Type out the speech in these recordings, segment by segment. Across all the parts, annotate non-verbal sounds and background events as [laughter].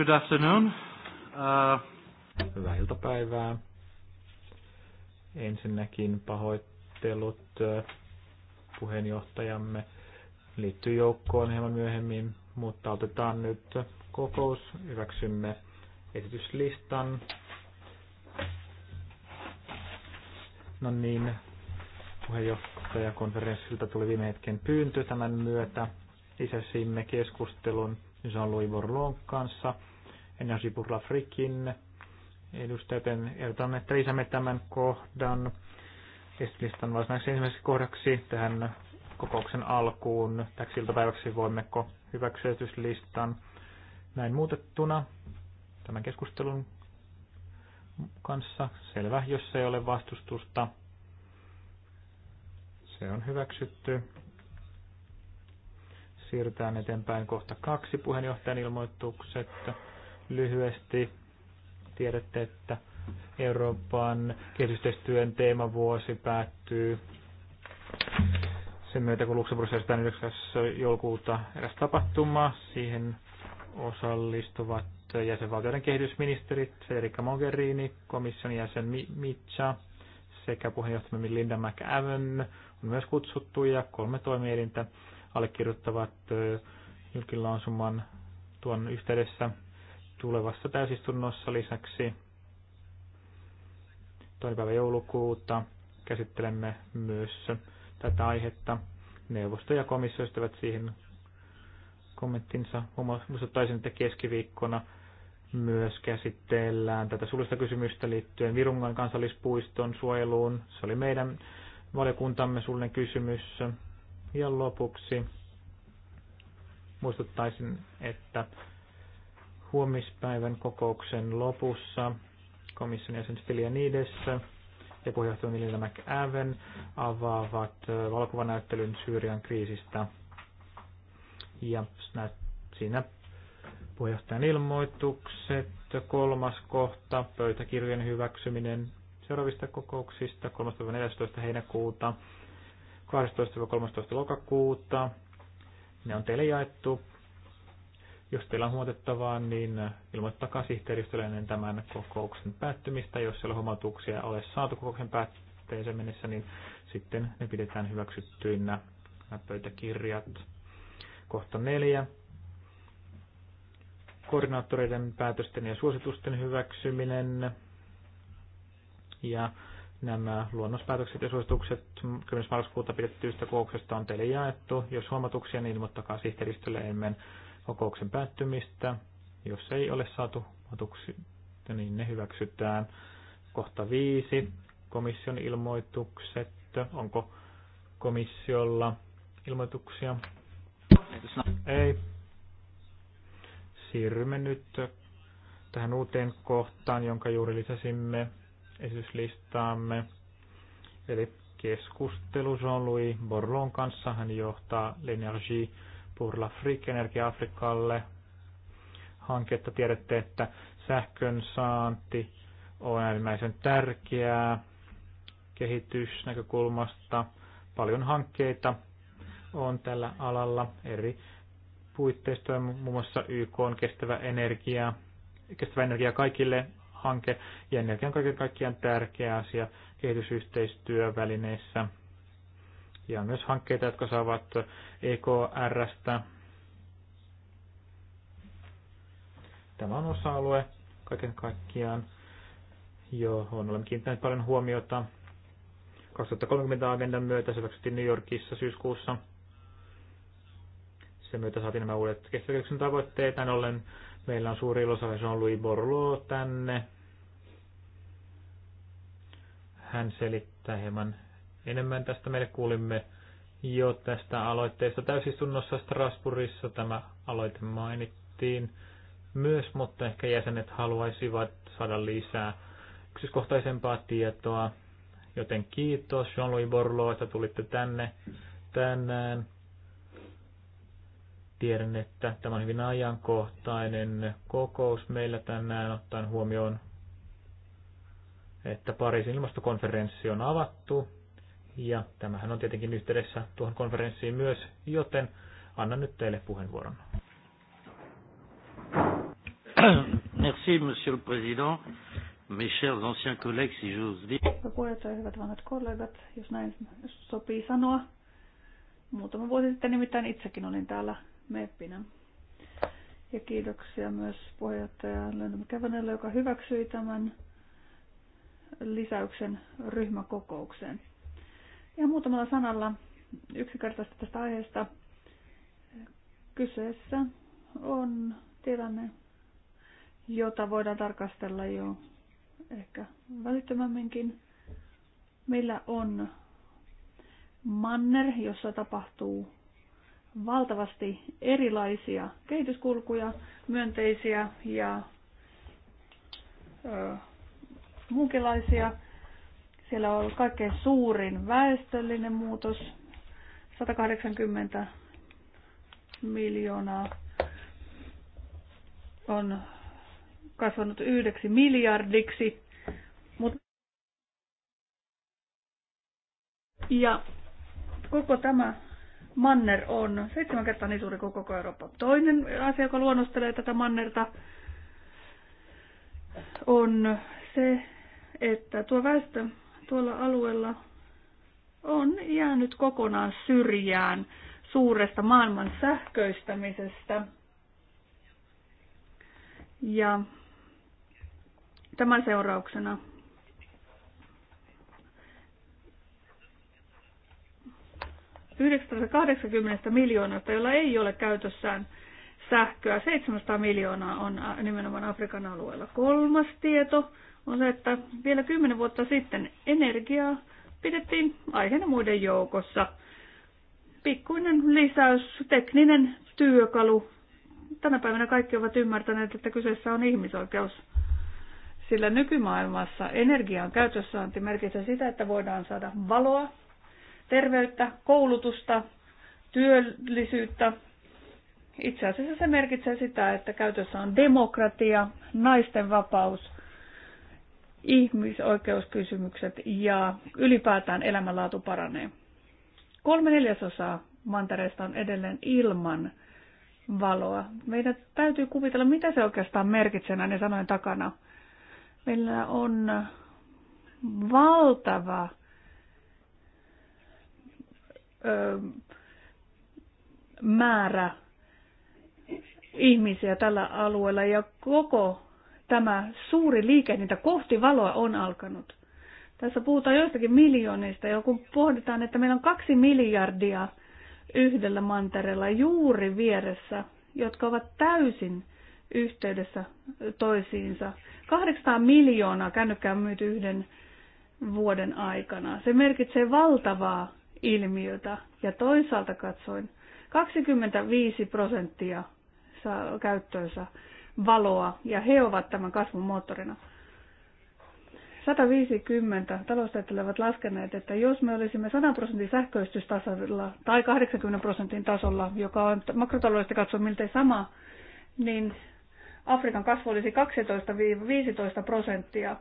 Good afternoon. Uh... Hyvää iltapäivää. Ensinnäkin pahoittelut uh, puheenjohtajamme liittyy joukkoon hieman myöhemmin, mutta otetaan nyt kokous. Hyväksymme esityslistan. No niin, puheenjohtajakonferenssilta tuli viime hetken pyyntö tämän myötä. Lisäsimme keskustelun Jean-Louis Borlon kanssa – Enasi Frikin edustajat. Ehdotan, että lisäämme tämän kohdan esitlistan varsinaiseksi ensimmäiseksi kohdaksi tähän kokouksen alkuun. Täksi iltapäiväksi voimmeko hyväksyä listan näin muutettuna tämän keskustelun kanssa. Selvä, jos ei ole vastustusta. Se on hyväksytty. Siirrytään eteenpäin kohta kaksi puheenjohtajan ilmoitukset lyhyesti. Tiedätte, että Euroopan kehitystyön teemavuosi päättyy sen myötä, kun Luxemburgissa 9. joulukuuta eräs tapahtuma. Siihen osallistuvat jäsenvaltioiden kehitysministerit Federica Mogherini, komission jäsen Mitcha sekä puheenjohtajamme Linda McAvon. on myös kutsuttu ja kolme toimielintä allekirjoittavat julkilausuman tuon yhteydessä tulevassa täysistunnossa lisäksi toinen päivä joulukuuta käsittelemme myös tätä aihetta. Neuvosto ja komissio ystävät siihen kommenttinsa. Muistuttaisin, että keskiviikkona myös käsitellään tätä sulista kysymystä liittyen Virungan kansallispuiston suojeluun. Se oli meidän valiokuntamme suullinen kysymys. Ja lopuksi muistuttaisin, että huomispäivän kokouksen lopussa komission jäsen Stylianidessä ja puheenjohtaja Milena McAven avaavat valokuvanäyttelyn Syyrian kriisistä. Ja siinä puheenjohtajan ilmoitukset, kolmas kohta, pöytäkirjojen hyväksyminen seuraavista kokouksista 3-14 heinäkuuta, 12-13 lokakuuta. Ne on teille jaettu jos teillä on huomatettavaa, niin ilmoittakaa sihteeristölle ennen tämän kokouksen päättymistä. Jos siellä huomautuksia ole saatu kokouksen päätteeseen mennessä, niin sitten ne pidetään hyväksyttyinä pöytäkirjat. Kohta neljä. Koordinaattoreiden päätösten ja suositusten hyväksyminen. Ja nämä luonnospäätökset ja suositukset 10. marraskuuta pidettyistä kokouksesta on teille jaettu. Jos huomatuksia, niin ilmoittakaa sihteeristölle ennen kokouksen päättymistä. Jos ei ole saatu otuksi, niin ne hyväksytään. Kohta viisi, komission ilmoitukset. Onko komissiolla ilmoituksia? Ei. Siirrymme nyt tähän uuteen kohtaan, jonka juuri lisäsimme esityslistaamme. Eli keskustelu Jean-Louis Borlon kanssa. Hän johtaa L'Energie Plurla Freak Energia Afrikalle hanketta. Tiedätte, että sähkön saanti on äärimmäisen tärkeää kehitysnäkökulmasta. Paljon hankkeita on tällä alalla eri puitteista, muun muassa YK on kestävä energia, kestävä energia kaikille hanke, ja energia on kaiken kaikkiaan tärkeä asia kehitysyhteistyövälineissä. Ja myös hankkeita, jotka saavat EKRstä. Tämä on osa-alue kaiken kaikkiaan, johon olemme kiinnittäneet paljon huomiota. 2030-agendan myötä se hyväksyttiin New Yorkissa syyskuussa. Sen myötä saatiin nämä uudet kestävyyden tavoitteet. Tän ollen meillä on suuri ilo saada Jean-Louis Borloo tänne. Hän selittää hieman enemmän tästä meille kuulimme jo tästä aloitteesta täysistunnossa Strasbourgissa. Tämä aloite mainittiin myös, mutta ehkä jäsenet haluaisivat saada lisää yksiskohtaisempaa tietoa. Joten kiitos Jean-Louis Borlo, että tulitte tänne tänään. Tiedän, että tämä on hyvin ajankohtainen kokous meillä tänään ottaen huomioon, että Pariisin ilmastokonferenssi on avattu ja tämähän on tietenkin yhteydessä tuohon konferenssiin myös, joten annan nyt teille puheenvuoron. [coughs] Merci, monsieur le président. Mes chers anciens collègues, si j'ose dire. Puheenjohtaja, hyvät vanhat kollegat, jos näin sopii sanoa. Muutama vuosi sitten nimittäin itsekin olin täällä meppinä. Ja kiitoksia myös puheenjohtaja Lennon Kävenelle, joka hyväksyi tämän lisäyksen ryhmäkokoukseen. Ja muutamalla sanalla yksinkertaisesti tästä aiheesta. Kyseessä on tilanne, jota voidaan tarkastella jo ehkä välittömämminkin. Meillä on manner, jossa tapahtuu valtavasti erilaisia kehityskulkuja, myönteisiä ja ö, muunkinlaisia. Siellä on ollut kaikkein suurin väestöllinen muutos, 180 miljoonaa on kasvanut yhdeksi miljardiksi. Mut ja koko tämä manner on seitsemän kertaa niin suuri kuin koko Eurooppa. Toinen asia, joka luonnostelee tätä mannerta, on se, että tuo väestö tuolla alueella on jäänyt kokonaan syrjään suuresta maailman sähköistämisestä. Ja tämän seurauksena ...980 miljoonasta, jolla ei ole käytössään sähköä. 700 miljoonaa on äh, nimenomaan Afrikan alueella. Kolmas tieto on se, että vielä kymmenen vuotta sitten energiaa pidettiin aiheena muiden joukossa. Pikkuinen lisäys, tekninen työkalu. Tänä päivänä kaikki ovat ymmärtäneet, että kyseessä on ihmisoikeus. Sillä nykymaailmassa energian käytössäanti merkitsee sitä, että voidaan saada valoa, terveyttä, koulutusta, työllisyyttä, itse asiassa se merkitsee sitä, että käytössä on demokratia, naisten vapaus, ihmisoikeuskysymykset ja ylipäätään elämänlaatu paranee. Kolme neljäsosaa mantereesta on edelleen ilman valoa. Meidän täytyy kuvitella, mitä se oikeastaan merkitsee näiden sanojen takana. Meillä on valtava määrä ihmisiä tällä alueella ja koko tämä suuri liikehdintä kohti valoa on alkanut. Tässä puhutaan joistakin miljoonista ja kun pohditaan, että meillä on kaksi miljardia yhdellä mantereella juuri vieressä, jotka ovat täysin yhteydessä toisiinsa. 800 miljoonaa kännykkää myyty yhden vuoden aikana. Se merkitsee valtavaa ilmiötä ja toisaalta katsoin 25 prosenttia saa käyttöönsä valoa ja he ovat tämän kasvun moottorina. 150 taloustieteilijät laskeneet, että jos me olisimme 100 prosentin sähköistystasolla tai 80 prosentin tasolla, joka on makrotaloudellisesti katsoen miltei sama, niin Afrikan kasvu olisi 12-15 prosenttia.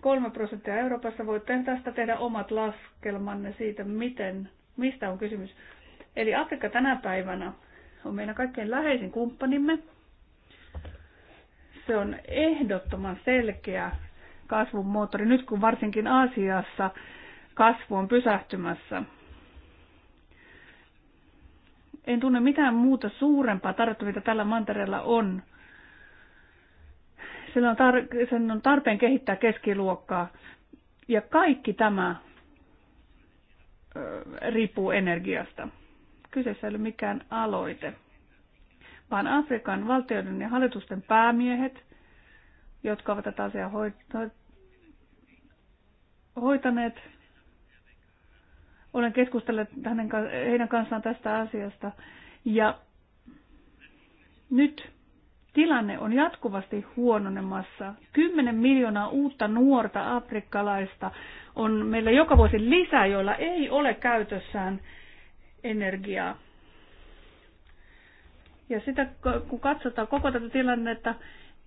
3 prosenttia Euroopassa. Voitte tästä tehdä omat laskelmanne siitä, miten, mistä on kysymys. Eli Afrikka tänä päivänä on meidän kaikkein läheisin kumppanimme. Se on ehdottoman selkeä kasvun moottori, nyt kun varsinkin Aasiassa kasvu on pysähtymässä. En tunne mitään muuta suurempaa tarvetta, mitä tällä mantereella on. Sillä on tar- sen on tarpeen kehittää keskiluokkaa. Ja kaikki tämä riippuu energiasta. Kyseessä ei ole mikään aloite, vaan Afrikan valtioiden ja hallitusten päämiehet, jotka ovat tätä asiaa hoitaneet. Olen keskustellut hänen, heidän kanssaan tästä asiasta. Ja nyt tilanne on jatkuvasti huononemassa. 10 miljoonaa uutta nuorta afrikkalaista on meillä joka vuosi lisää, joilla ei ole käytössään energiaa. Ja sitä, kun katsotaan koko tätä tilannetta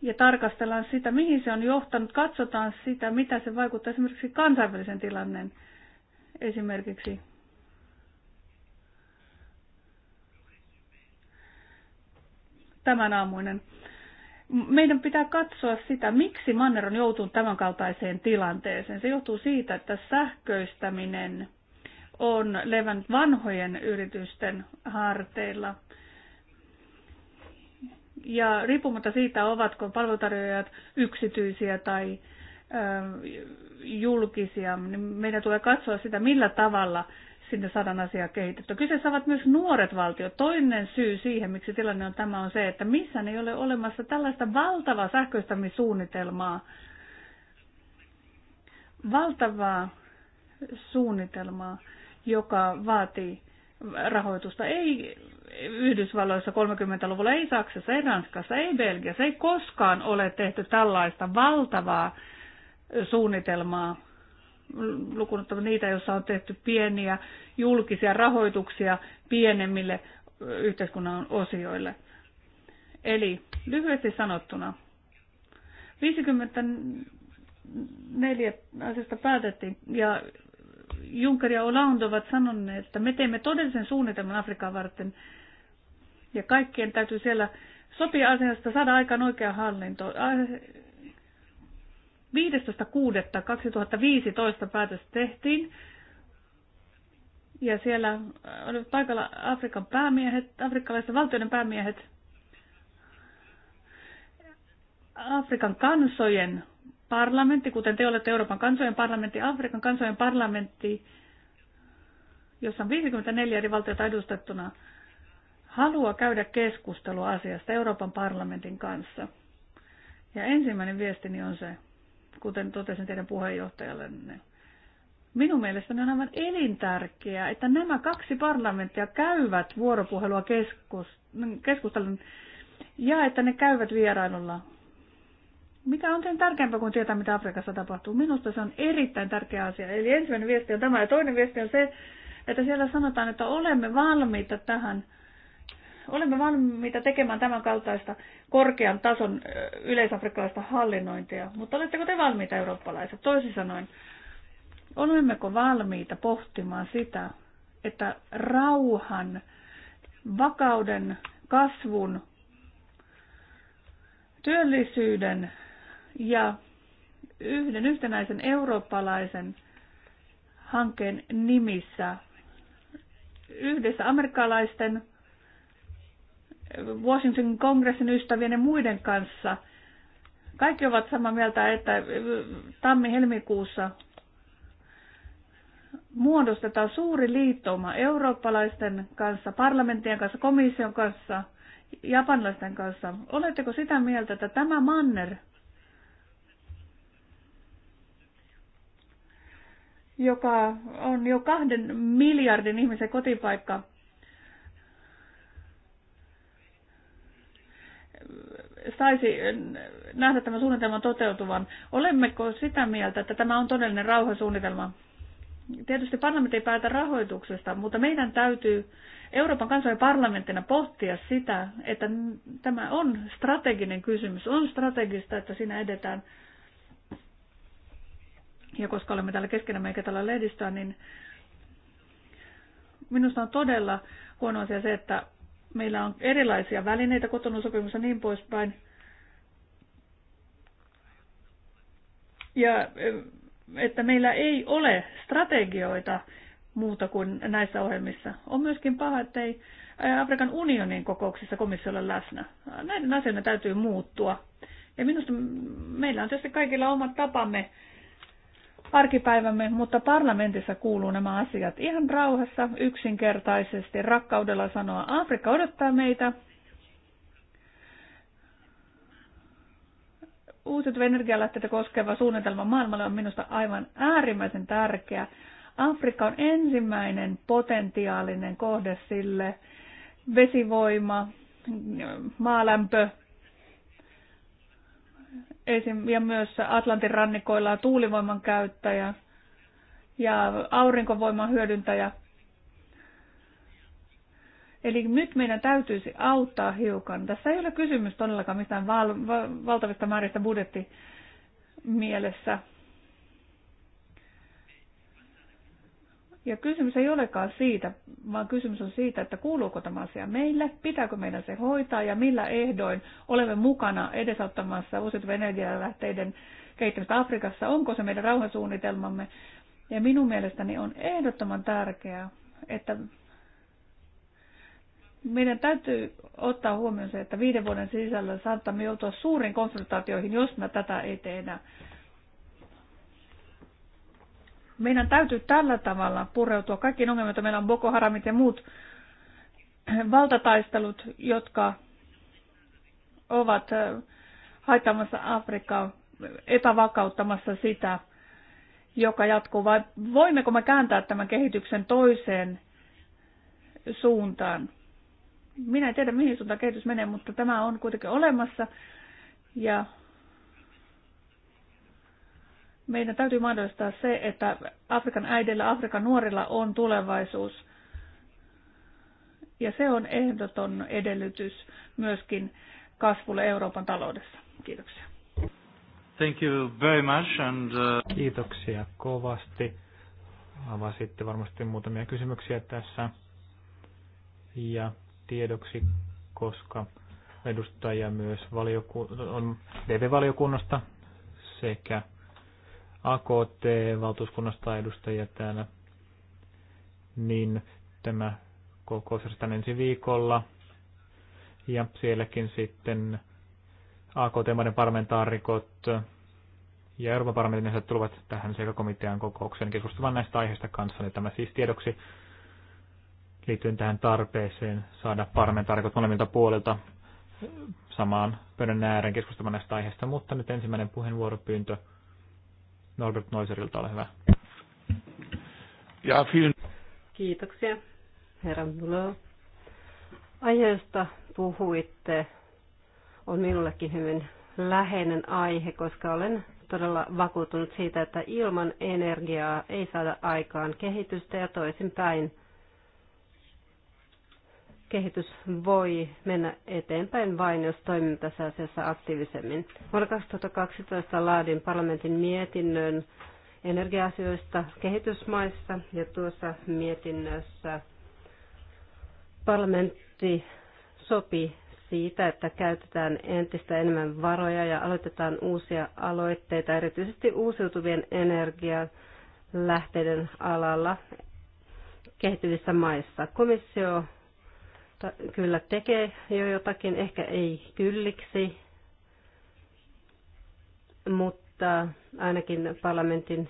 ja tarkastellaan sitä, mihin se on johtanut, katsotaan sitä, mitä se vaikuttaa esimerkiksi kansainvälisen tilanteen esimerkiksi. Tämän aamuinen meidän pitää katsoa sitä, miksi Manner on joutunut tämänkaltaiseen tilanteeseen. Se johtuu siitä, että sähköistäminen on levännyt vanhojen yritysten harteilla. Ja riippumatta siitä, ovatko palvelutarjoajat yksityisiä tai julkisia, niin meidän tulee katsoa sitä, millä tavalla sinne saadaan asiaa kehitetty. Kyseessä ovat myös nuoret valtiot. Toinen syy siihen, miksi tilanne on tämä, on se, että missään ei ole olemassa tällaista valtavaa sähköistämissuunnitelmaa, valtavaa suunnitelmaa, joka vaatii rahoitusta. Ei Yhdysvalloissa 30-luvulla, ei Saksassa, ei Ranskassa, ei Belgiassa, ei koskaan ole tehty tällaista valtavaa suunnitelmaa lukunottava niitä, joissa on tehty pieniä julkisia rahoituksia pienemmille yhteiskunnan osioille. Eli lyhyesti sanottuna, 54 asiasta päätettiin ja Juncker ja Hollande ovat sanoneet, että me teemme todellisen suunnitelman Afrikaa varten. Ja kaikkien täytyy siellä sopia asiasta, saada aikaan oikea hallinto. 15.6.2015 päätös tehtiin. Ja siellä oli paikalla Afrikan päämiehet, afrikkalaisten valtioiden päämiehet, Afrikan kansojen parlamentti, kuten te olette Euroopan kansojen parlamentti, Afrikan kansojen parlamentti, jossa on 54 eri valtiota edustettuna, haluaa käydä keskustelua asiasta Euroopan parlamentin kanssa. Ja ensimmäinen viestini on se, kuten totesin teidän puheenjohtajallenne, minun mielestäni on aivan elintärkeää, että nämä kaksi parlamenttia käyvät vuoropuhelua keskus, keskustelun ja että ne käyvät vierailulla mikä on sen tärkeämpää kuin tietää, mitä Afrikassa tapahtuu? Minusta se on erittäin tärkeä asia. Eli ensimmäinen viesti on tämä ja toinen viesti on se, että siellä sanotaan, että olemme valmiita tähän, olemme valmiita tekemään tämän kaltaista korkean tason yleisafrikkalaista hallinnointia, mutta oletteko te valmiita eurooppalaiset? Toisin sanoen, olemmeko valmiita pohtimaan sitä, että rauhan, vakauden, kasvun, työllisyyden ja yhden yhtenäisen eurooppalaisen hankkeen nimissä yhdessä amerikkalaisten Washington kongressin ystävien ja muiden kanssa. Kaikki ovat samaa mieltä, että tammi-helmikuussa muodostetaan suuri liittouma eurooppalaisten kanssa, parlamenttien kanssa, komission kanssa, japanlaisten kanssa. Oletteko sitä mieltä, että tämä manner – joka on jo kahden miljardin ihmisen kotipaikka. saisi nähdä tämän suunnitelman toteutuvan. Olemmeko sitä mieltä, että tämä on todellinen rauhansuunnitelma? Tietysti parlamentti ei päätä rahoituksesta, mutta meidän täytyy Euroopan kansojen parlamenttina pohtia sitä, että tämä on strateginen kysymys. On strategista, että siinä edetään ja koska olemme täällä keskenämme eikä täällä lehdistöä, niin minusta on todella huono asia se, että meillä on erilaisia välineitä kotonun sopimus niin poispäin. Ja että meillä ei ole strategioita muuta kuin näissä ohjelmissa. On myöskin paha, että ei Afrikan unionin kokouksissa komissiolla läsnä. Näiden asioiden täytyy muuttua. Ja minusta meillä on tietysti kaikilla omat tapamme arkipäivämme, mutta parlamentissa kuuluu nämä asiat ihan rauhassa, yksinkertaisesti, rakkaudella sanoa, Afrikka odottaa meitä. Uusiutuvia energialähteitä koskeva suunnitelma maailmalle on minusta aivan äärimmäisen tärkeä. Afrikka on ensimmäinen potentiaalinen kohde sille. Vesivoima, maalämpö, esim. ja myös Atlantin rannikoilla on tuulivoiman käyttäjä ja aurinkovoiman hyödyntäjä. Eli nyt meidän täytyisi auttaa hiukan. Tässä ei ole kysymys todellakaan mistään val- val- valtavista määristä budjetti mielessä. Ja kysymys ei olekaan siitä, vaan kysymys on siitä, että kuuluuko tämä asia meille, pitääkö meidän se hoitaa ja millä ehdoin olemme mukana edesauttamassa uusiutuvien energialähteiden kehittämistä Afrikassa, onko se meidän rauhansuunnitelmamme. Ja minun mielestäni on ehdottoman tärkeää, että meidän täytyy ottaa huomioon se, että viiden vuoden sisällä saattaa joutua suuriin konsultaatioihin, jos me tätä ei tehdä. Meidän täytyy tällä tavalla pureutua kaikkiin ongelmiin, joita meillä on Boko Haramit ja muut [clears throat] valtataistelut, jotka ovat äh, haittamassa Afrikkaa, epävakauttamassa sitä, joka jatkuu, vai voimmeko me kääntää tämän kehityksen toiseen suuntaan? Minä en tiedä, mihin suuntaan kehitys menee, mutta tämä on kuitenkin olemassa. Ja meidän täytyy mahdollistaa se, että Afrikan äidillä, Afrikan nuorilla on tulevaisuus. Ja se on ehdoton edellytys myöskin kasvulle Euroopan taloudessa. Kiitoksia. Thank you very much and, uh... Kiitoksia kovasti. Avasitte varmasti muutamia kysymyksiä tässä. Ja tiedoksi, koska edustaja myös valioku- on DV-valiokunnasta sekä AKT-valtuuskunnasta edustajia täällä, niin tämä kokous järjestetään ensi viikolla. Ja sielläkin sitten AKT-maiden parlamentaarikot ja Euroopan parlamentin tulevat tähän sekä komitean kokoukseen keskustelemaan näistä aiheista kanssa. Niin tämä siis tiedoksi liittyen tähän tarpeeseen saada parlamentaarikot molemmilta puolilta samaan pöydän ääreen keskustelemaan näistä aiheista. Mutta nyt ensimmäinen puheenvuoropyyntö Norbert Noiserilta, ole hyvä. Ja, film. Kiitoksia, herra Bulo. Aiheesta puhuitte. On minullekin hyvin läheinen aihe, koska olen todella vakuutunut siitä, että ilman energiaa ei saada aikaan kehitystä ja toisinpäin. päin kehitys voi mennä eteenpäin vain, jos toimimme tässä asiassa aktiivisemmin. Vuonna 2012 laadin parlamentin mietinnön energia-asioista kehitysmaissa ja tuossa mietinnössä parlamentti sopi siitä, että käytetään entistä enemmän varoja ja aloitetaan uusia aloitteita, erityisesti uusiutuvien energialähteiden alalla kehittyvissä maissa. Komissio kyllä tekee jo jotakin, ehkä ei kylliksi, mutta ainakin parlamentin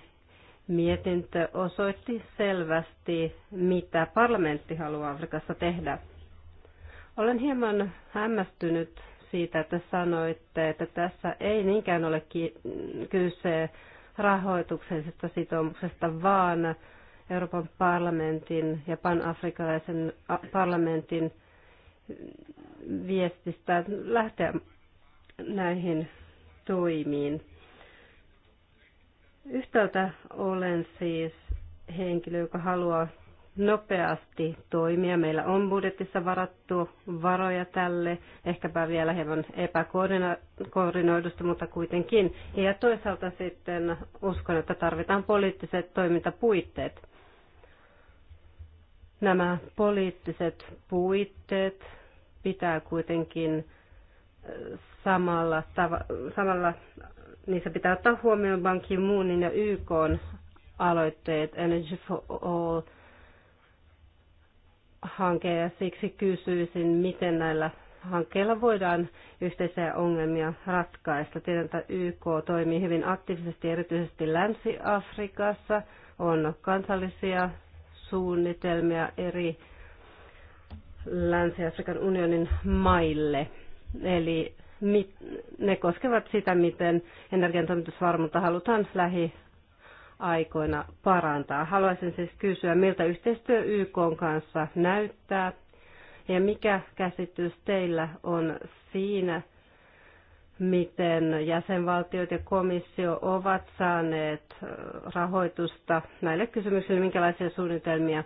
mietintö osoitti selvästi, mitä parlamentti haluaa Afrikassa tehdä. Olen hieman hämmästynyt siitä, että sanoitte, että tässä ei niinkään ole kyse rahoituksellisesta sitoumuksesta, vaan Euroopan parlamentin ja panafrikalaisen parlamentin viestistä lähteä näihin toimiin. Yhtäältä olen siis henkilö, joka haluaa nopeasti toimia. Meillä on budjetissa varattu varoja tälle, ehkäpä vielä hieman epäkoordinoidusta, mutta kuitenkin. Ja toisaalta sitten uskon, että tarvitaan poliittiset toimintapuitteet. Nämä poliittiset puitteet pitää kuitenkin samalla, samalla niissä pitää ottaa huomioon Ban Ki-moonin ja YK aloitteet Energy for All hanke ja siksi kysyisin, miten näillä hankkeilla voidaan yhteisiä ongelmia ratkaista. Tiedän, että YK toimii hyvin aktiivisesti erityisesti Länsi-Afrikassa, on kansallisia suunnitelmia eri Länsi-Afrikan unionin maille. Eli mit, ne koskevat sitä, miten energiantoimitusvarmuutta halutaan lähiaikoina parantaa. Haluaisin siis kysyä, miltä yhteistyö YK kanssa näyttää ja mikä käsitys teillä on siinä, miten jäsenvaltiot ja komissio ovat saaneet rahoitusta näille kysymyksille, minkälaisia suunnitelmia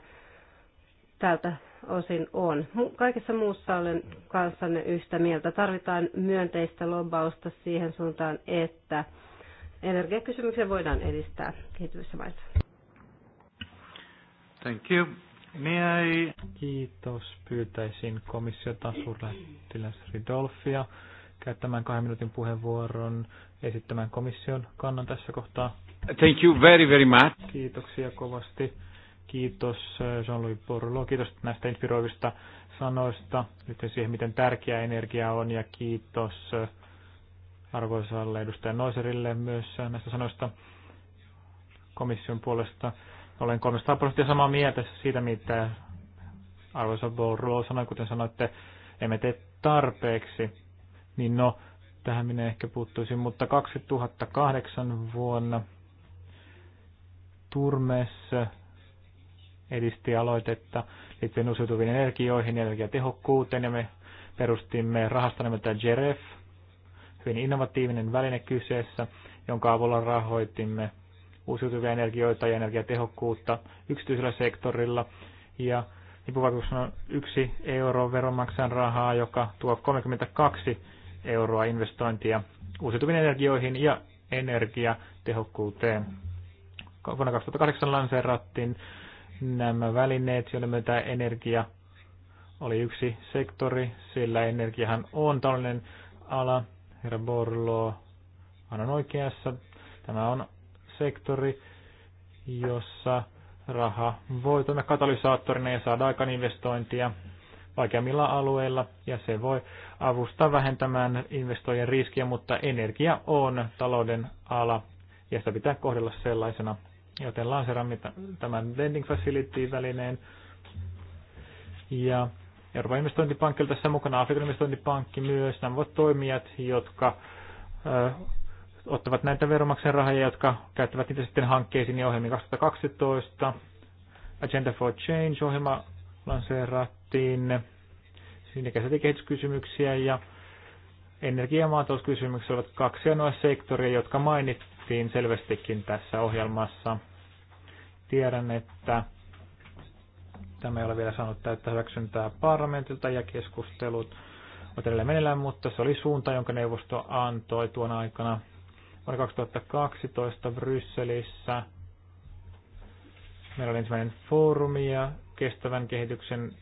tältä osin on. Kaikessa muussa olen kanssanne yhtä mieltä. Tarvitaan myönteistä lobbausta siihen suuntaan, että energiakysymyksiä voidaan edistää kehittyvissä maissa. Thank you. May I... Kiitos. Pyytäisin komissiota suurlähettiläs Ridolfia käyttämään kahden minuutin puheenvuoron esittämään komission kannan tässä kohtaa. Thank you very, very much. Kiitoksia kovasti. Kiitos eh, Jean-Louis Borlo. Kiitos näistä inspiroivista sanoista Nyt siihen, miten tärkeä energia on. Ja kiitos eh, arvoisalle edustaja Noiserille myös eh, näistä sanoista komission puolesta. Olen 300 prosenttia samaa mieltä siitä, mitä arvoisa Borlo sanoi, kuten sanoitte, emme tee tarpeeksi niin no, tähän minä ehkä puuttuisin, mutta 2008 vuonna Turmessa edisti aloitetta liittyen uusiutuviin energioihin ja energiatehokkuuteen, ja me perustimme rahasta nimeltä JEREF, hyvin innovatiivinen väline kyseessä, jonka avulla rahoitimme uusiutuvia energioita ja energiatehokkuutta yksityisellä sektorilla. Ja vipuvaikutus on yksi euro veronmaksajan rahaa, joka tuo 32 euroa investointia uusiutuviin energioihin ja energiatehokkuuteen. Vuonna 2008 lanseerattiin nämä välineet, joiden myötä energia oli yksi sektori, sillä energiahan on tällainen ala. Herra Borlo on oikeassa. Tämä on sektori, jossa raha voi toimia katalysaattorina ja saada aikaan investointia vaikeammilla alueilla ja se voi avustaa vähentämään investoijien riskiä, mutta energia on talouden ala ja sitä pitää kohdella sellaisena. Joten lanseramme tämän lending facility-välineen ja Euroopan investointipankki on tässä mukana, Afrikan investointipankki myös, nämä ovat toimijat, jotka ö, ottavat näitä veronmaksajan rahoja, jotka käyttävät niitä sitten hankkeisiin ja ohjelmiin 2012. Agenda for Change-ohjelma lanseerattiin puhuttiin. Siinä käsiteltiin kehityskysymyksiä ja energia- ja maatalouskysymykset ovat kaksi noin sektoria, jotka mainittiin selvästikin tässä ohjelmassa. Tiedän, että tämä ei ole vielä saanut täyttä hyväksyntää parlamentilta ja keskustelut ovat edelleen menellään, mutta se oli suunta, jonka neuvosto antoi tuon aikana vuonna 2012 Brysselissä. Meillä oli ensimmäinen foorumi ja kestävän kehityksen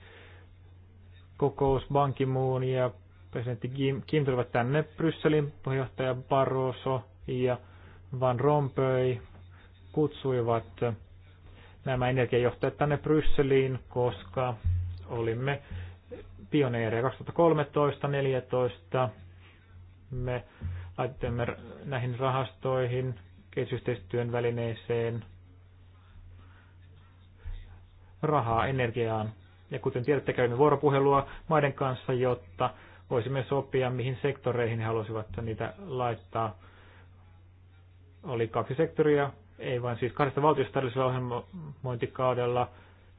kokous Ban Ki-moon ja presidentti Kim, Kim tulivat tänne Brysselin puheenjohtaja Barroso ja Van Rompuy kutsuivat nämä energiajohtajat tänne Brysseliin, koska olimme pioneereja 2013-2014. Me laitimme näihin rahastoihin, kehitysyhteistyön välineeseen rahaa energiaan ja kuten tiedätte, käymme vuoropuhelua maiden kanssa, jotta voisimme sopia, mihin sektoreihin he halusivat niitä laittaa. Oli kaksi sektoria, ei vain siis kahdesta valtiosta tällaisella ohjelmointikaudella,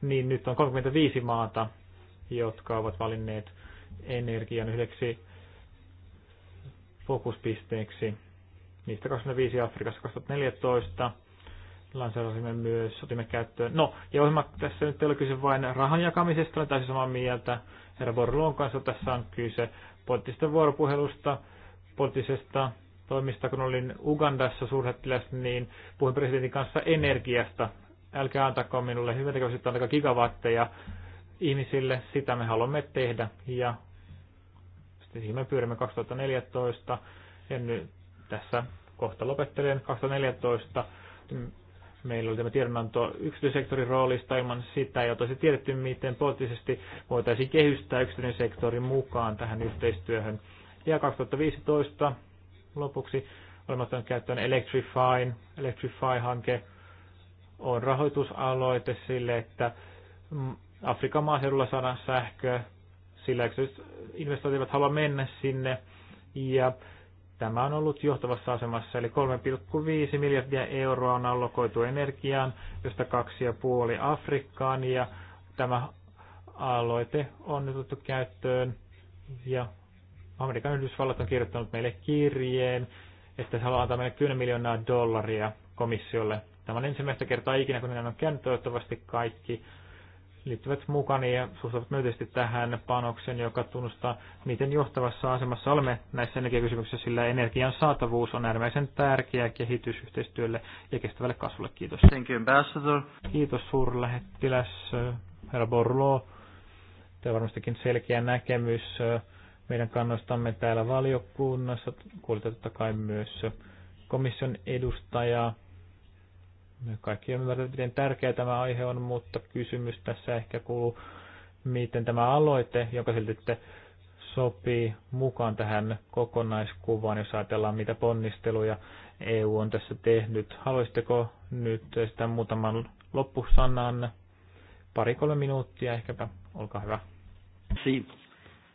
niin nyt on 35 maata, jotka ovat valinneet energian yhdeksi fokuspisteeksi. Niistä 25 Afrikassa 2014 lanseerasimme myös otimme käyttöön. No, ja ohjelma tässä nyt ei ole kyse vain rahan jakamisesta, olen täysin samaa mieltä herra Borluon kanssa. Tässä on kyse poliittisesta vuoropuhelusta, poliittisesta toimista, kun olin Ugandassa suurhettiläs, niin puhuin presidentin kanssa energiasta. Älkää antako minulle hyväntekeväisyyttä, antakaa gigawatteja ihmisille, sitä me haluamme tehdä. Ja sitten siihen me pyörimme 2014, ja nyt tässä kohta lopettelen 2014 Meillä oli tämä tiedonanto yksityissektorin roolista, ilman sitä jota se tiedetty, miten poliittisesti voitaisiin kehystää yksityisen sektorin mukaan tähän yhteistyöhön. Ja 2015 lopuksi olemme ottaneet käyttöön Electrify. Electrify-hanke on rahoitusaloite sille, että mm, Afrikan maaseudulla saadaan sähköä, sillä investoijat eivät halua mennä sinne. Ja Tämä on ollut johtavassa asemassa, eli 3,5 miljardia euroa on allokoitu energiaan, josta 2,5 Afrikkaan, ja tämä aloite on nyt otettu käyttöön, ja Amerikan Yhdysvallat on kirjoittanut meille kirjeen, että se haluaa antaa meille 10 miljoonaa dollaria komissiolle. Tämä on ensimmäistä kertaa ikinä, kun ne on käynyt. Toivottavasti kaikki liittyvät mukana ja suhtavat myönteisesti tähän panoksen, joka tunnustaa, miten johtavassa asemassa olemme näissä energiakysymyksissä, sillä energian saatavuus on äärimmäisen tärkeä kehitysyhteistyölle ja kestävälle kasvulle. Kiitos. Thank you, Ambassador. Kiitos suurlähettiläs herra Borlo. Te on varmastikin selkeä näkemys meidän kannostamme täällä valiokunnassa. Kuulitte totta kai myös komission edustajaa me kaikki ymmärrämme, miten tärkeä tämä aihe on, mutta kysymys tässä ehkä kuuluu, miten tämä aloite, silti te sopii mukaan tähän kokonaiskuvaan, jos ajatellaan mitä ponnisteluja EU on tässä tehnyt. Haluaisitteko nyt sitä muutaman loppusanan, pari-kolme minuuttia ehkäpä, olkaa hyvä. Si.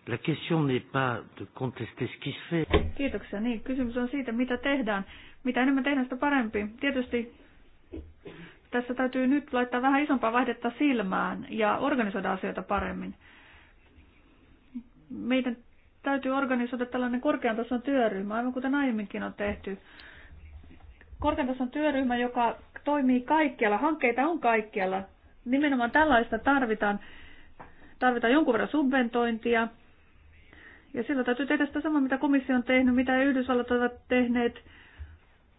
La question n'est pas de contester ce qui se fait. Kiitoksia. Niin, kysymys on siitä, mitä tehdään. Mitä enemmän tehdään, sitä parempi. Tietysti tässä täytyy nyt laittaa vähän isompaa vaihdetta silmään ja organisoida asioita paremmin. Meidän täytyy organisoida tällainen korkean tason työryhmä, aivan kuten aiemminkin on tehty. Korkean tason työryhmä, joka toimii kaikkialla, hankkeita on kaikkialla. Nimenomaan tällaista tarvitaan, tarvitaan jonkun verran subventointia. Ja silloin täytyy tehdä sitä samaa, mitä komissio on tehnyt, mitä Yhdysvallat ovat tehneet,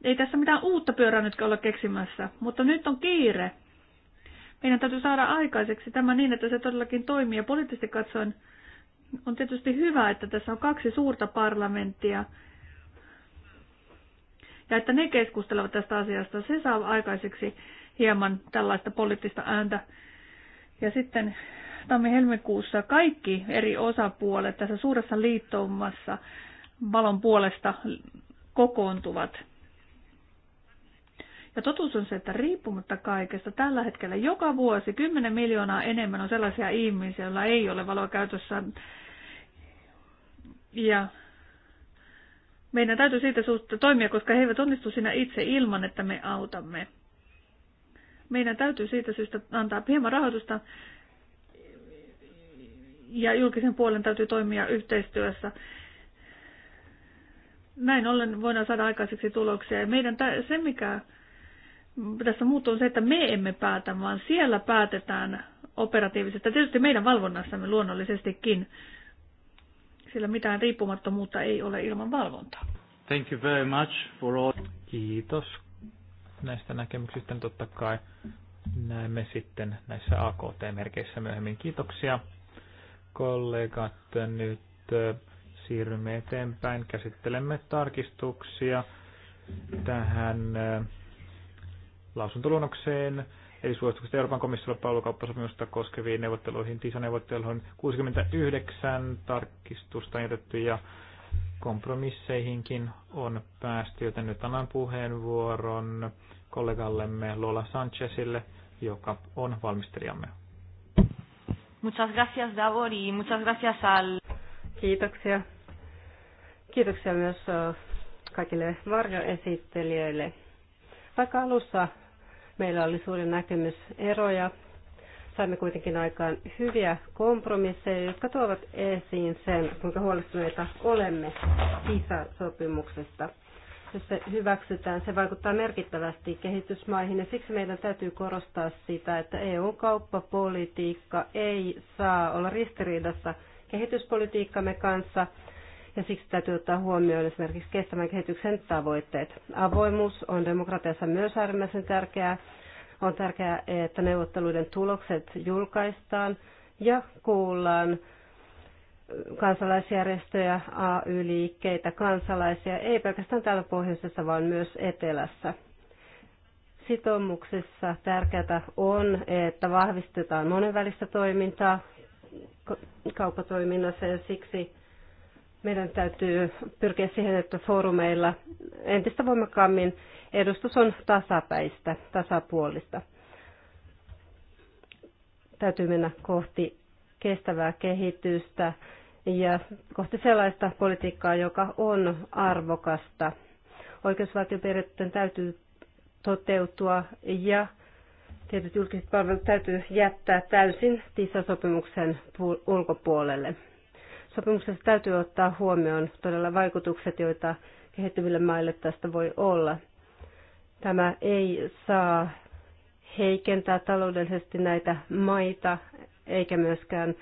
ei tässä mitään uutta pyörää nyt olla keksimässä, mutta nyt on kiire. Meidän täytyy saada aikaiseksi tämä niin, että se todellakin toimii. Ja poliittisesti katsoen on tietysti hyvä, että tässä on kaksi suurta parlamenttia. Ja että ne keskustelevat tästä asiasta, se saa aikaiseksi hieman tällaista poliittista ääntä. Ja sitten tammi-helmikuussa kaikki eri osapuolet tässä suuressa liittoumassa valon puolesta kokoontuvat. Ja totuus on se, että riippumatta kaikesta, tällä hetkellä joka vuosi 10 miljoonaa enemmän on sellaisia ihmisiä, joilla ei ole valoa käytössä. Ja meidän täytyy siitä suusta toimia, koska he eivät onnistu siinä itse ilman, että me autamme. Meidän täytyy siitä syystä antaa hieman rahoitusta ja julkisen puolen täytyy toimia yhteistyössä. Näin ollen voidaan saada aikaiseksi tuloksia. Ja meidän se, mikä tässä muuttuu se, että me emme päätä, vaan siellä päätetään Ja Tietysti meidän valvonnassamme luonnollisestikin, sillä mitään riippumattomuutta ei ole ilman valvontaa. Thank you very much for all. Kiitos näistä näkemyksistä. Totta kai näemme sitten näissä AKT-merkeissä myöhemmin. Kiitoksia kollegat. Nyt äh, siirrymme eteenpäin. Käsittelemme tarkistuksia tähän äh, lausuntoluonnokseen, eli suositukset Euroopan komissiolle palvelukauppasopimusta koskeviin neuvotteluihin, TISA-neuvotteluihin 69 tarkistusta on jätetty ja kompromisseihinkin on päästy, joten nyt annan puheenvuoron kollegallemme Lola Sanchezille, joka on valmistelijamme. Muchas gracias Davori, muchas gracias al... Kiitoksia. Kiitoksia myös kaikille varjoesittelijöille. Vaikka alussa Meillä oli suuri näkemyseroja. Saimme kuitenkin aikaan hyviä kompromisseja, jotka tuovat esiin sen, kuinka huolestuneita olemme PISA-sopimuksesta. Jos se hyväksytään, se vaikuttaa merkittävästi kehitysmaihin ja siksi meidän täytyy korostaa sitä, että EU-kauppapolitiikka ei saa olla ristiriidassa kehityspolitiikkamme kanssa – ja siksi täytyy ottaa huomioon esimerkiksi kestävän kehityksen tavoitteet. Avoimuus on demokratiassa myös äärimmäisen tärkeää. On tärkeää, että neuvotteluiden tulokset julkaistaan ja kuullaan kansalaisjärjestöjä, AY-liikkeitä, kansalaisia, ei pelkästään täällä pohjoisessa, vaan myös etelässä. Sitoumuksissa tärkeää on, että vahvistetaan monenvälistä toimintaa kaupatoiminnassa ja siksi meidän täytyy pyrkiä siihen, että foorumeilla entistä voimakkaammin edustus on tasapäistä, tasapuolista. Täytyy mennä kohti kestävää kehitystä ja kohti sellaista politiikkaa, joka on arvokasta. Oikeusvaltioperiaatteen täytyy toteutua ja tietyt julkiset palvelut täytyy jättää täysin TISA-sopimuksen ulkopuolelle. Sopimuksessa täytyy ottaa huomioon todella vaikutukset, joita kehittyville maille tästä voi olla. Tämä ei saa heikentää taloudellisesti näitä maita, eikä myöskään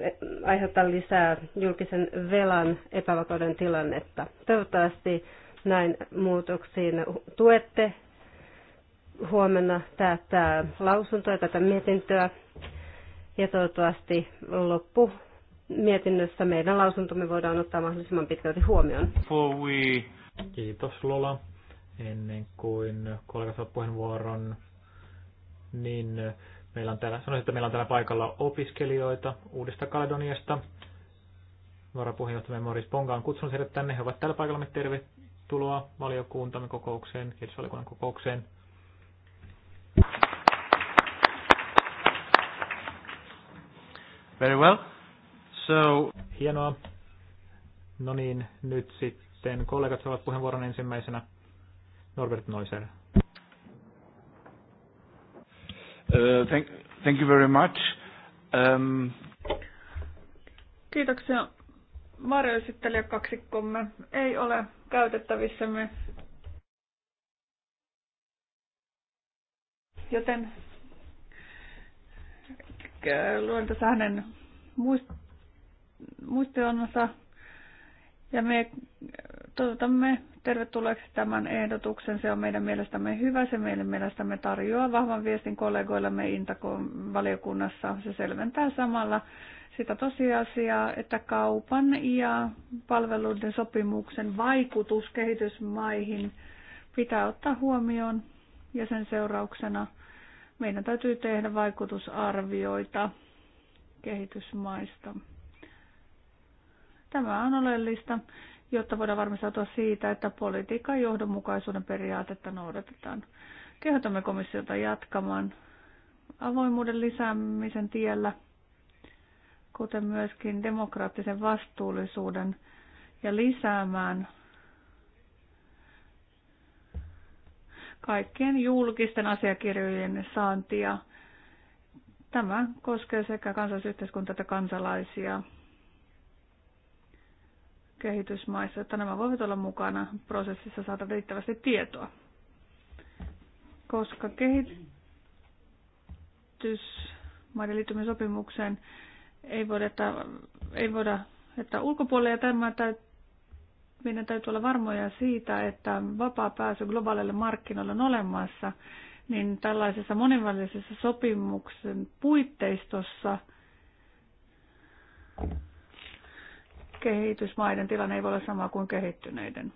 eh, aiheuttaa lisää julkisen velan epävakauden tilannetta. Toivottavasti näin muutoksiin tuette huomenna tätä lausuntoa, tätä mietintöä ja toivottavasti loppu mietinnössä meidän lausuntomme voidaan ottaa mahdollisimman pitkälti huomioon. Kiitos Lola. Ennen kuin kollega saa puheenvuoron, niin meillä on täällä, sanoisin, että meillä on täällä paikalla opiskelijoita Uudesta Kaledoniasta. Varapuheenjohtaja Moris Ponga on kutsunut heidät tänne. He ovat täällä paikallamme. Tervetuloa valiokuntamme kokoukseen, kehitysvaliokunnan kokoukseen. Very well. So... Hienoa. No niin, nyt sitten kollegat saavat puheenvuoron ensimmäisenä. Norbert Noiser. Uh, thank, thank you very much. Um... Kiitoksia. esittelijä kaksikkomme ei ole käytettävissämme, joten luen tässä hänen muist- muistionsa ja me toivotamme tervetulleeksi tämän ehdotuksen. Se on meidän mielestämme hyvä, se meidän mielestämme tarjoaa vahvan viestin kollegoillemme Intakon valiokunnassa Se selventää samalla sitä tosiasiaa, että kaupan ja palveluiden sopimuksen vaikutus kehitysmaihin pitää ottaa huomioon ja sen seurauksena meidän täytyy tehdä vaikutusarvioita kehitysmaista. Tämä on oleellista, jotta voidaan varmistautua siitä, että politiikan johdonmukaisuuden periaatetta noudatetaan. Kehotamme komissiota jatkamaan avoimuuden lisäämisen tiellä, kuten myöskin demokraattisen vastuullisuuden ja lisäämään kaikkien julkisten asiakirjojen saantia. Tämä koskee sekä kansallisyhteiskuntaa että kansalaisia kehitysmaissa, että nämä voivat olla mukana prosessissa saada riittävästi tietoa. Koska kehitysmaiden liittymisen sopimukseen ei voida, että, ei voida, että ulkopuolella ja tämä täytyy meidän täytyy olla varmoja siitä, että vapaa pääsy globaaleille markkinoille on olemassa, niin tällaisessa monivälisessä sopimuksen puitteistossa Kehitysmaiden tilanne ei voi olla sama kuin kehittyneiden.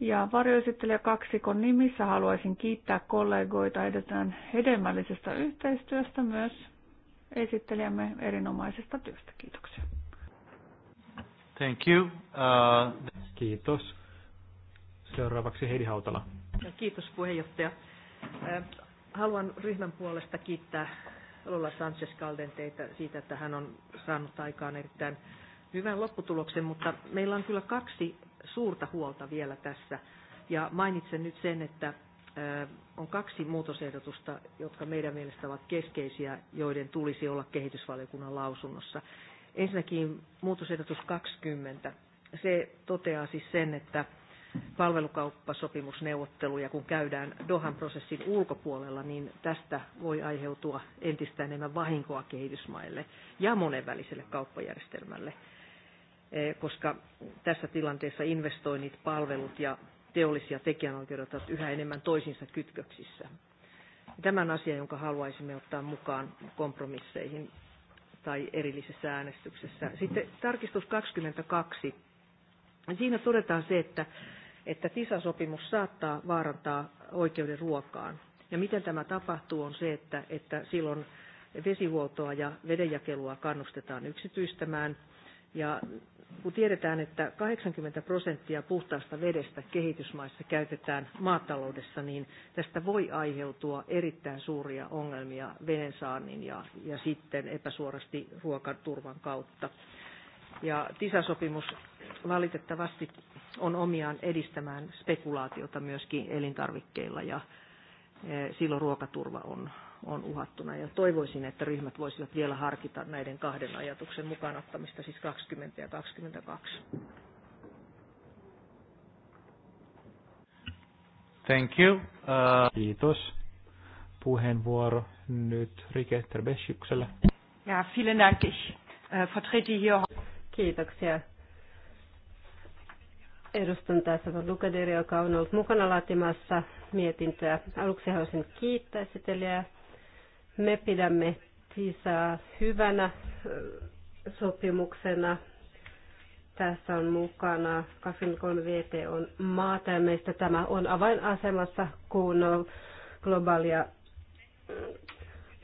Ja varjoesittelijä kaksikon nimissä haluaisin kiittää kollegoita edetään hedelmällisestä yhteistyöstä myös esittelijämme erinomaisesta työstä. Kiitoksia. Thank you. Uh... Kiitos. Seuraavaksi Heidi Hautala. Kiitos puheenjohtaja. Äh, haluan ryhmän puolesta kiittää Lola Sanchez Caldenteita siitä, että hän on saanut aikaan erittäin hyvän lopputuloksen, mutta meillä on kyllä kaksi suurta huolta vielä tässä. Ja mainitsen nyt sen, että on kaksi muutosehdotusta, jotka meidän mielestä ovat keskeisiä, joiden tulisi olla kehitysvaliokunnan lausunnossa. Ensinnäkin muutosehdotus 20. Se toteaa siis sen, että palvelukauppasopimusneuvotteluja, kun käydään Dohan prosessin ulkopuolella, niin tästä voi aiheutua entistä enemmän vahinkoa kehitysmaille ja monenväliselle kauppajärjestelmälle, e, koska tässä tilanteessa investoinnit, palvelut ja teollisia tekijänoikeudet ovat yhä enemmän toisinsa kytköksissä. Tämän asian, jonka haluaisimme ottaa mukaan kompromisseihin tai erillisessä äänestyksessä. Sitten tarkistus 22. Siinä todetaan se, että että TISA-sopimus saattaa vaarantaa oikeuden ruokaan. Ja miten tämä tapahtuu on se, että, että silloin vesihuoltoa ja vedenjakelua kannustetaan yksityistämään. Ja kun tiedetään, että 80 prosenttia puhtaasta vedestä kehitysmaissa käytetään maataloudessa, niin tästä voi aiheutua erittäin suuria ongelmia veden saannin ja, ja sitten epäsuorasti ruokaturvan kautta. Ja TISA-sopimus valitettavasti on omiaan edistämään spekulaatiota myöskin elintarvikkeilla ja e, silloin ruokaturva on, on uhattuna. Ja toivoisin, että ryhmät voisivat vielä harkita näiden kahden ajatuksen mukaan ottamista, siis 20 ja 22. Thank you. Uh... Kiitos. Puheenvuoro nyt Rike Terbeschiukselle. Ja, vielen Dank. Ich äh, vertrete hier... Kiitoksia. Edustan tässä Lukaderi, joka on ollut mukana laatimassa mietintöä. Aluksi haluaisin kiittää esitelijää. Me pidämme TISAa hyvänä sopimuksena. Tässä on mukana 23 VT on maata ja meistä tämä on avainasemassa, kun globaalia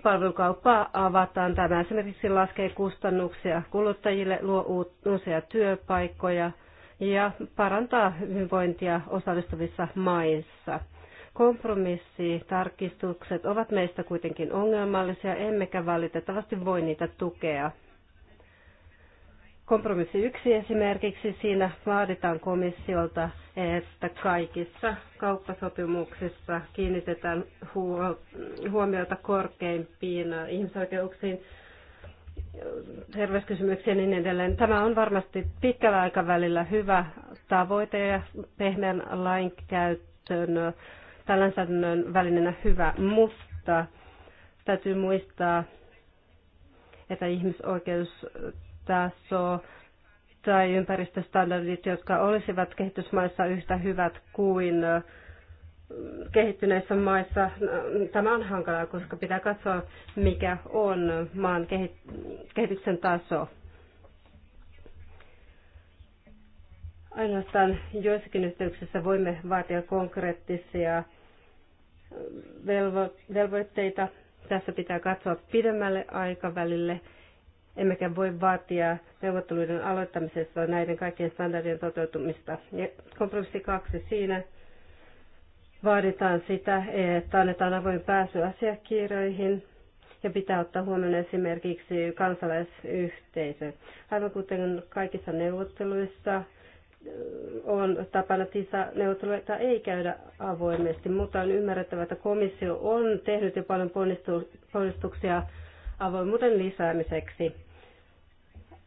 palvelukauppaa avataan. Tämä esimerkiksi laskee kustannuksia kuluttajille, luo uusia työpaikkoja – ja parantaa hyvinvointia osallistuvissa maissa. Kompromissitarkistukset ovat meistä kuitenkin ongelmallisia, emmekä valitettavasti voi niitä tukea. Kompromissi yksi esimerkiksi, siinä vaaditaan komissiolta, että kaikissa kauppasopimuksissa kiinnitetään huomiota korkeimpiin ihmisoikeuksiin, terveyskysymyksiä ja niin edelleen. Tämä on varmasti pitkällä aikavälillä hyvä tavoite ja pehmeän lainkäytön tällainen välinenä hyvä, mutta täytyy muistaa, että ihmisoikeustaso tai ympäristöstandardit, jotka olisivat kehitysmaissa yhtä hyvät kuin kehittyneissä maissa tämä on hankalaa, koska pitää katsoa, mikä on maan kehityksen taso. Ainoastaan joissakin yhteyksissä voimme vaatia konkreettisia velvo- velvoitteita. Tässä pitää katsoa pidemmälle aikavälille, emmekä voi vaatia neuvotteluiden aloittamisessa näiden kaikkien standardien toteutumista. Ja kompromissi kaksi siinä vaaditaan sitä, että annetaan avoin pääsy asiakirjoihin ja pitää ottaa huomioon esimerkiksi kansalaisyhteisö. Aivan kuten kaikissa neuvotteluissa on tapana tisa neuvotteluita ei käydä avoimesti, mutta on ymmärrettävä, että komissio on tehnyt jo paljon ponnistuksia avoimuuden lisäämiseksi.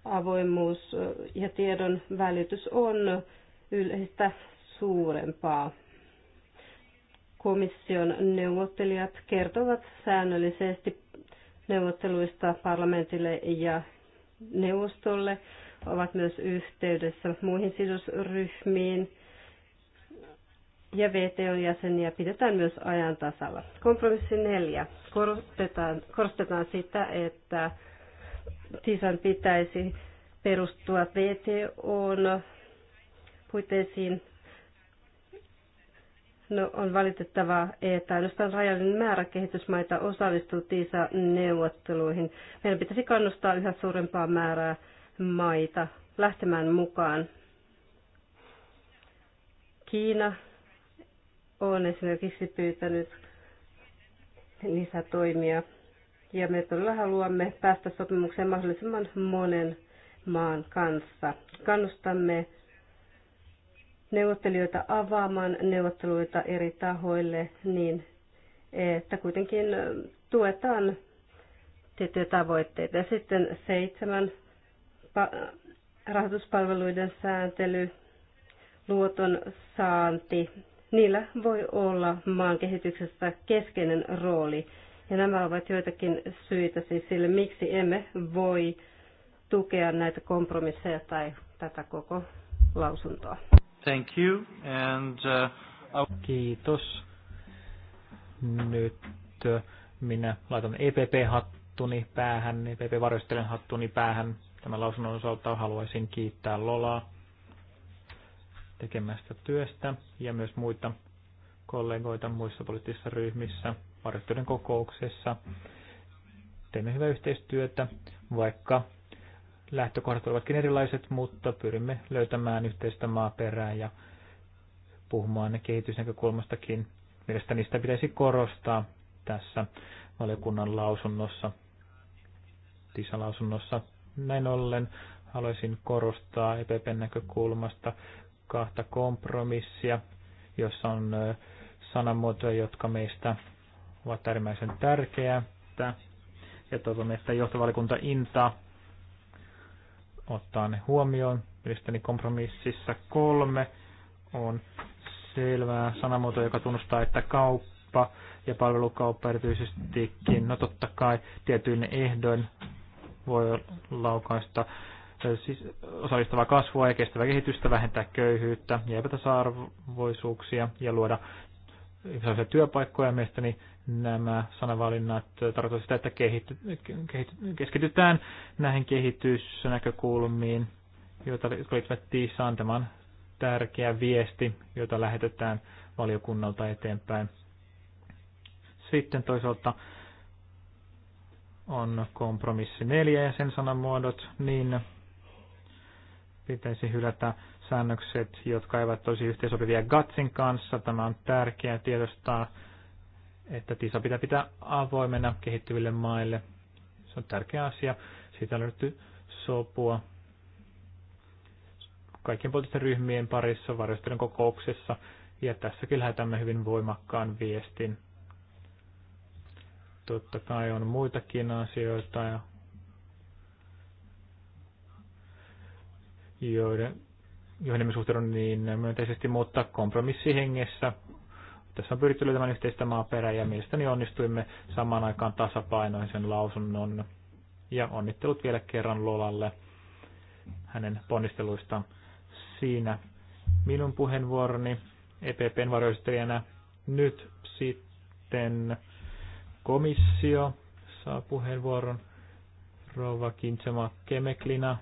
Avoimuus ja tiedon välitys on yleistä suurempaa komission neuvottelijat kertovat säännöllisesti neuvotteluista parlamentille ja neuvostolle, ovat myös yhteydessä muihin sidosryhmiin ja vto jäseniä pidetään myös ajan tasalla. Kompromissi neljä. Korostetaan, korostetaan sitä, että TISAN pitäisi perustua VTOn puitteisiin No, on valitettavaa, että ainoastaan rajallinen määrä kehitysmaita osallistuu TISA-neuvotteluihin. Meidän pitäisi kannustaa yhä suurempaa määrää maita lähtemään mukaan. Kiina on esimerkiksi pyytänyt lisätoimia ja me todella haluamme päästä sopimukseen mahdollisimman monen maan kanssa. Kannustamme neuvottelijoita avaamaan neuvotteluita eri tahoille niin, että kuitenkin tuetaan tiettyjä tavoitteita. Ja sitten seitsemän rahoituspalveluiden sääntely, luoton saanti, niillä voi olla maan kehityksessä keskeinen rooli. Ja nämä ovat joitakin syitä siis sille, miksi emme voi tukea näitä kompromisseja tai tätä koko lausuntoa. Thank you. And, uh, Kiitos. Nyt uh, minä laitan EPP-hattuni päähän, EPP-varjostelen hattuni päähän. Tämän lausunnon osalta haluaisin kiittää Lolaa tekemästä työstä ja myös muita kollegoita muissa poliittisissa ryhmissä varjostelen kokouksessa. Teemme hyvää yhteistyötä, vaikka lähtökohdat olivatkin erilaiset, mutta pyrimme löytämään yhteistä maaperää ja puhumaan kehitysnäkökulmastakin. Mielestäni sitä pitäisi korostaa tässä valiokunnan lausunnossa, TISA-lausunnossa. Näin ollen haluaisin korostaa EPPn näkökulmasta kahta kompromissia, jossa on sanamuotoja, jotka meistä ovat äärimmäisen tärkeää. Ja toivon, että johtovalikunta Inta ottaa ne huomioon. Mielestäni kompromississa kolme on selvää sanamuoto, joka tunnustaa, että kauppa ja palvelukauppa erityisestikin, no totta kai tietyin ehdoin voi laukaista siis osallistavaa kasvua ja kestävää kehitystä, vähentää köyhyyttä ja epätasa-arvoisuuksia ja luoda sellaisia työpaikkoja. niin nämä sanavalinnat tarkoittavat sitä, että kehity, kehity, keskitytään näihin kehitysnäkökulmiin, joita, liittyvät TISAan. Tämä on tärkeä viesti, jota lähetetään valiokunnalta eteenpäin. Sitten toisaalta on kompromissi neljä ja sen sanamuodot, niin pitäisi hylätä säännökset, jotka eivät tosi yhteensopivia GATSin kanssa. Tämä on tärkeää tiedostaa, että TISA pitää pitää avoimena kehittyville maille. Se on tärkeä asia. Siitä on sopua kaikkien poliittisten ryhmien parissa varjostelun kokouksessa. Ja tässäkin lähetämme hyvin voimakkaan viestin. Totta kai on muitakin asioita, joiden joihin emme suhtaudu niin myönteisesti, mutta kompromissihengessä. Tässä on pyritty löytämään yhteistä maaperää ja mielestäni onnistuimme samaan aikaan tasapainoisen lausunnon. Ja onnittelut vielä kerran Lolalle hänen ponnisteluistaan siinä minun puheenvuoroni EPPn varjoistelijana. Nyt sitten komissio saa puheenvuoron. Rova Kintsema Kemeklina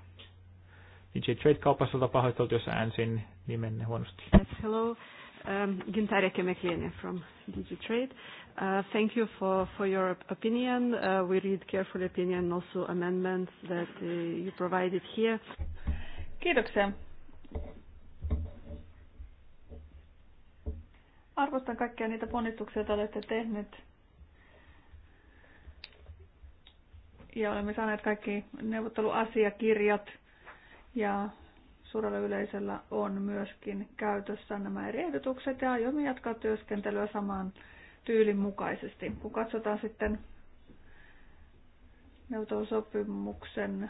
niin DJ Trade-kaupassa on pahoiteltu, jos äänsin nimen huonosti. Yes, hello. Um, Gintaria Kemekliene from DG Trade. Uh, thank you for, for your opinion. Uh, we read carefully opinion, also amendments that uh, you provided here. Kiitoksia. Arvostan kaikkia niitä ponnistuksia, joita olette tehneet. Ja olemme saaneet kaikki neuvotteluasiakirjat ja suurella yleisöllä on myöskin käytössä nämä eri ehdotukset ja aiomme jatkaa työskentelyä samaan tyylin mukaisesti. Kun katsotaan sitten neuvottelusopimuksen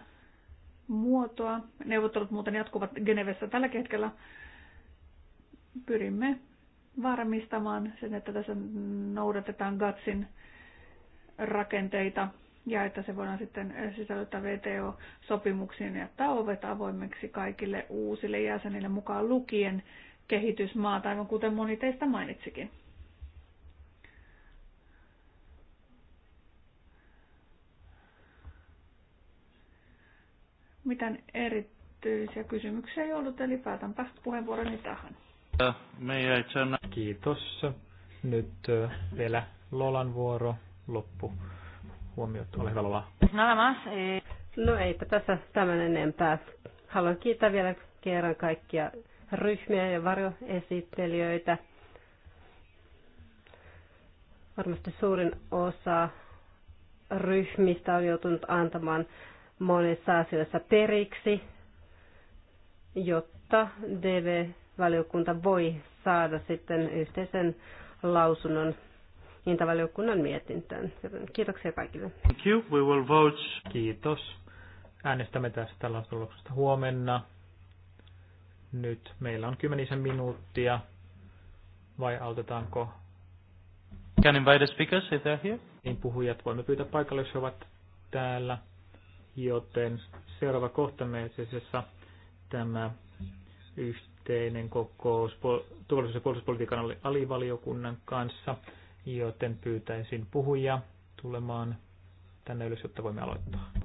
muotoa, neuvottelut muuten jatkuvat Genevessä tällä hetkellä, pyrimme varmistamaan sen, että tässä noudatetaan GATSin rakenteita ja että se voidaan sitten sisällyttää VTO-sopimuksiin ja jättää ovet avoimeksi kaikille uusille jäsenille mukaan lukien kehitysmaat, aivan kuten moni teistä mainitsikin. Mitään erityisiä kysymyksiä ei ollut, eli päätänpä puheenvuoroni tähän. Kiitos. Nyt vielä Lolan vuoro loppu huomiot. Ole hyvä Lola. Eh. No eipä tässä tämän enempää. Haluan kiittää vielä kerran kaikkia ryhmiä ja varjoesittelijöitä. Varmasti suurin osa ryhmistä on joutunut antamaan monessa asioissa periksi, jotta DV-valiokunta voi saada sitten yhteisen lausunnon hintavaliokunnan mietintöön. Kiitoksia kaikille. Thank you. We will vote. Kiitos. Äänestämme tästä lausuntoluoksesta huomenna. Nyt meillä on kymmenisen minuuttia. Vai autetaanko? Can invite the speakers if they're here. Niin puhujat voimme pyytää paikalle, jos he ovat täällä. Joten seuraava kohta meisessä tämä yhteinen kokous turvallisuus- ja puolustuspolitiikan alivaliokunnan kanssa joten pyytäisin puhujia tulemaan tänne ylös, jotta voimme aloittaa.